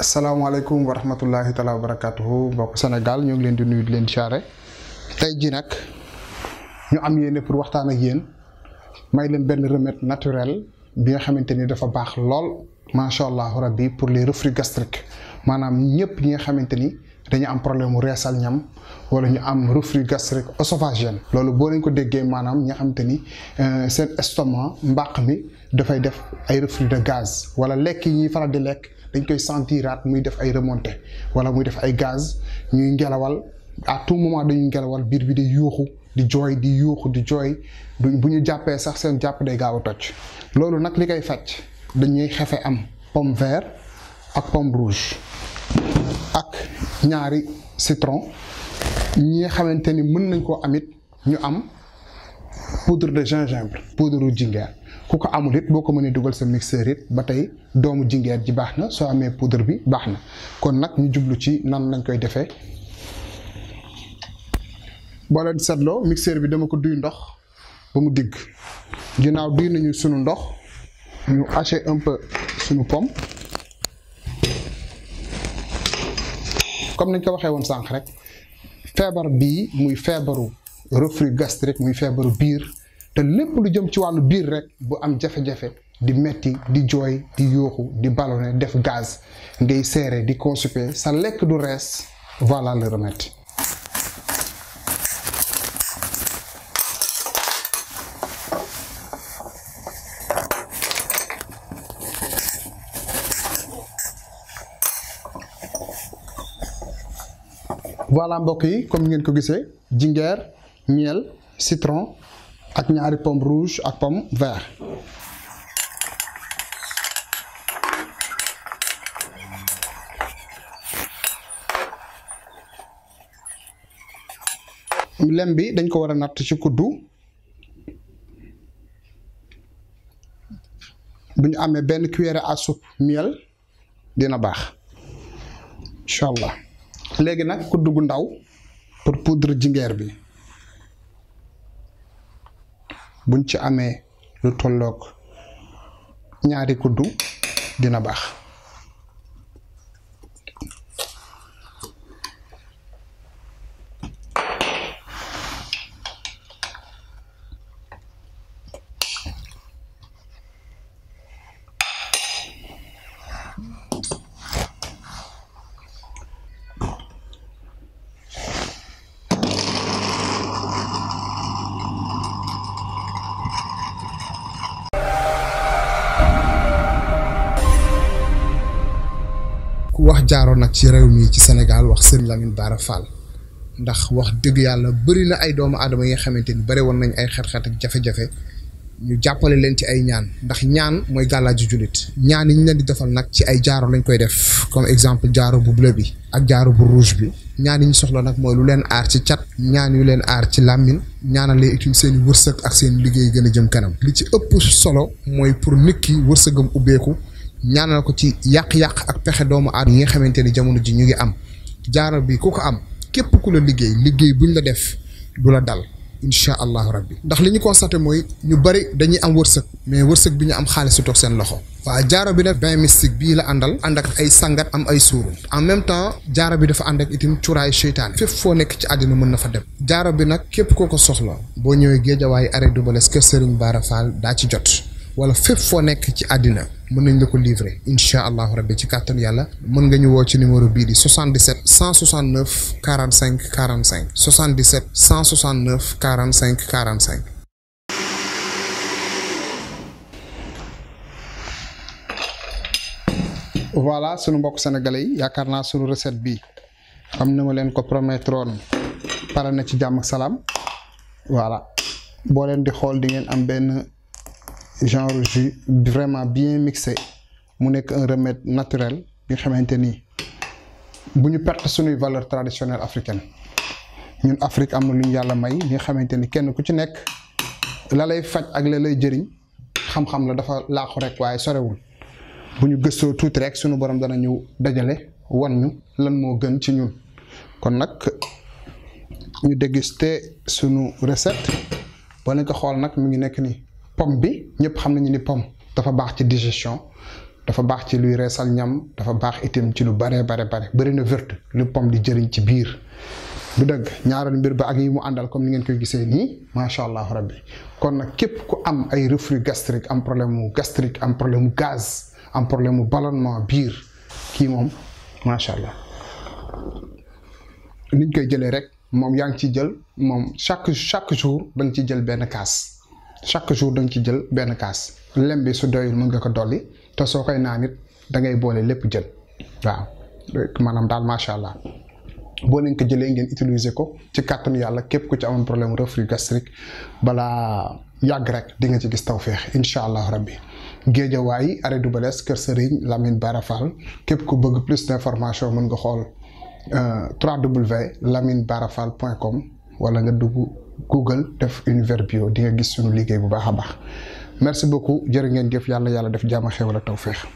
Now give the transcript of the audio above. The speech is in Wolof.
asalaamaaleykum wa rahmatullahi taala wa barakatuhu mbokk Sénégal ñu ngi leen di leen di leen siyaare tey jii nag ñu am yéene pour waxtaan ak yéen may leen benn remède naturel bi nga xamante ni dafa baax lool macha allah rabbi pour les reflux gastriques maanaam ñëpp ñi nga xamante ni dañu am problème mu reesal ñam wala ñu am reflux gastrique œsophagien loolu boo leen ko déggee maanaam ñi nga xamante ni euh, seen estomac mbàq mi dafay def ay reflux de gaz wala lekk yi ñuy faral di lekk. dañ koy sentiraat muy def ay remontées wala muy def ay gaz ñuy à tout moment dañuy ngelawal biir bi di yuuxu di jooy di yuuxu di jooy bu ñu jàppee sax seen jàpp day gaaw a toj loolu pomme vert ak pomme rouge ak ñaari citron ñi ni amit am poudre de gingembre poudre jingeer ku ko amul it boo ko mënee dugal sa mixeur it ba tey doomu jingeer ji baax na soo amee poudre bi baax na kon nag ñu jublu ci nan lañ koy defee boo leen seetloo mixeur bi dama ko duy ndox ba mu digg ginnaaw duy nañu suñu ndox ñu haché ump suñu pom comme nañ ko waxee woon sànq rek feebar bii muy feebaru reflux gastrique muy feebaru biir te lépp lu jëm ci wàllu biir rek bu am jafe-jafe di metti di jooy di yooxu di ballonné def gaz ngay seere di constipé sa lekk du rees voilà mbokk yi comme ngeen ko gisee jingeer miel citron ak ñaari pomme rouge ak pomme vert lem bi dañ ko wara nat ci kuddu buñu amé ben cuillère à soupe miel dina bax inshallah légui nak kuddu gu ndaw pour poudre jinger bi buñ ci amee lu tolloog ñaari kuddu dina baax ku wax jaaro nag ci réew mi ci Sénégal wax Serigne Lamine baara Fall ndax wax dëgg yàlla bëri na ay doomu aadama yi nga xamante ni bëri woon nañ ay xet-xet ak jafe-jafe ñu jàppale leen ci ay ñaan ndax ñaan mooy gàllaaju jullit ñaan yi ñu leen di defal nag ci ay jaaro lañ koy def comme exemple jaaro bu bleu bi ak jaaro bu rouge bi ñaan yi soxla nag mooy lu leen aar ci cat ñaan yu leen aar ci làmmin ñaanal lay itam seen wërsëg ak seen liggéey gën a jëm kanam li ci ëpp solo mooy pour nit ki wërsëgam ubbeeku ñaanal ko ci yàq-yàq ak pexe doomu aadama yi nga xamante ni jamono ji ñu ngi am jaaral bi ku ko am képp ku la liggéey liggéey buñ la def du la dal incha allah rabbi ndax li ñu constaté mooy ñu bari dañuy am wërsëg mais wërsëg bi ñu am xaalis su toog seen loxo waaw jaaro bi nag bain mystique bii la àndal ànd ak ay sangat am ay suuru en même temps jaaro bi dafa ànd ak itam cuuraay seytaane fépp foo nekk ci àddina mën na fa dem jaaro bi nag képp koo ko soxla boo ñëwee géejawaay arrêt du bales kër Serigne Bara Fall daa ci jot wala fépp foo nekk ci àddina mën nañ la ko livrer incha allahu rabbi ci kàttan yàlla mën nga ñu woo ci numéro bii di 77 169 45 45 77 169 45 45 voilà sunu mbokk sénégalais yi yaakaar naa sunu recette bi am na ma leen ko promettroon pare na ci jàmm ak voilà boo leen di xool di ngeen am benn genre jus vraiment bien mixé y a un remède naturel bi nga xamante perte une valeur traditionnelle africaine ñun Afrique am may la lay ak la lay jëriñ xam-xam la dafa rek sorewul rek suñu borom dana ñu dajalé lan mo gën ci ñun kon nak ñu déguster suñu recette boo ko Pom bi ñepp xam nañu ni pom dafa baax ci digestion dafa baax ci luy resal ñam dafa baax itam ci lu bare bare bare bëri na verte lu pom di jëriñ ci biir du deug ñaaral mbir ba ak yi mu andal comme ni ngeen koy gisee ma sha allah rabbi kon nak kep ku am ay reflux gastrique am problème gastrik, gastrique am problème gaz am problème mu bir, biir mom ma sha allah niñ koy jëlé rek mom yang ci jël mom chaque chaque jour da ci jël ben casse chaque jour dang ci jël ben kaas lem bi su doyul mën nga ko doli te so koy nanit da ngay bolé lepp jël waaw dal ma sha allah bo len ko jëlé ngeen utiliser ko ci carton yalla képp ku ci amone problème reflux gastrique bala yag rek di nga ci gis tawfiq incha allah rabbi way are du balees keur serigne lamine barafal képp ku bëgg plus d'information mën nga xol euh www.laminebarafal.com wala nga dugg Google def univers bio di nga gis suñu liggéey bu baax a baax merci beaucoup jërë ngeen jëf yàlla yàlla def jàmm xéwal ak tawféex